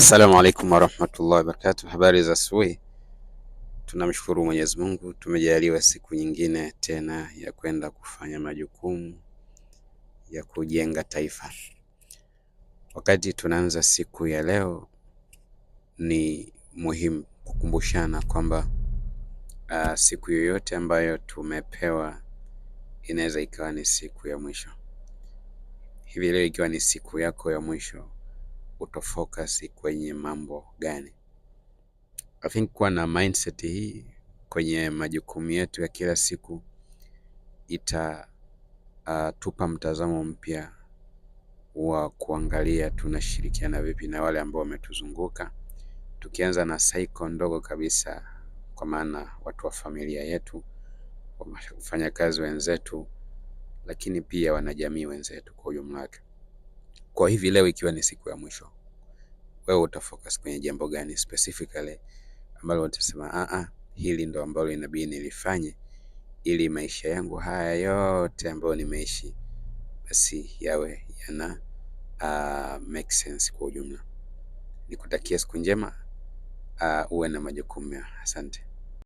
Assalamu alaikum warahmatullahi wabarakatuh. Habari za asubuhi. Tunamshukuru Mwenyezi Mungu, tumejaliwa siku nyingine tena ya kwenda kufanya majukumu ya kujenga taifa. Wakati tunaanza siku ya leo, ni muhimu kukumbushana kwamba uh, siku yoyote ambayo tumepewa inaweza ikawa ni siku ya mwisho. Hivi leo ikiwa ni siku yako ya mwisho utafocus kwenye mambo gani. I think kuwa na mindset hii kwenye majukumu yetu ya kila siku itatupa uh, mtazamo mpya wa kuangalia tunashirikiana vipi na wale ambao wametuzunguka, tukianza na saiko ndogo kabisa, kwa maana watu wa familia yetu, wafanyakazi wenzetu, lakini pia wanajamii wenzetu kwa ujumla wake. Kwa hivi leo ikiwa ni siku ya mwisho, wewe utafocus kwenye jambo gani specifically ambalo utasema a ah, a, ah, hili ndo ambalo inabidi nilifanye ili maisha yangu haya yote ambayo nimeishi basi yawe yana uh, make sense kwa ujumla. Nikutakia siku njema, uh, uwe na majukumu. Asante.